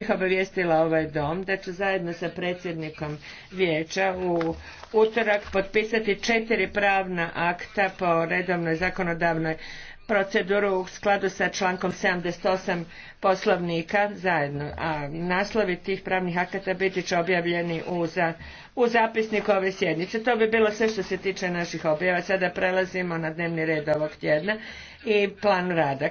bih obavijestila ovaj dom da ću zajedno sa predsjednikom vijeća u utorak potpisati četiri pravna akta po redovnoj zakonodavnoj proceduru u skladu sa člankom 78 poslovnika zajedno, a naslovi tih pravnih akata biti će objavljeni u, u zapisniku ove sjednice. To bi bilo sve što se tiče naših objava. Sada prelazimo na dnevni red ovog tjedna i plan rada.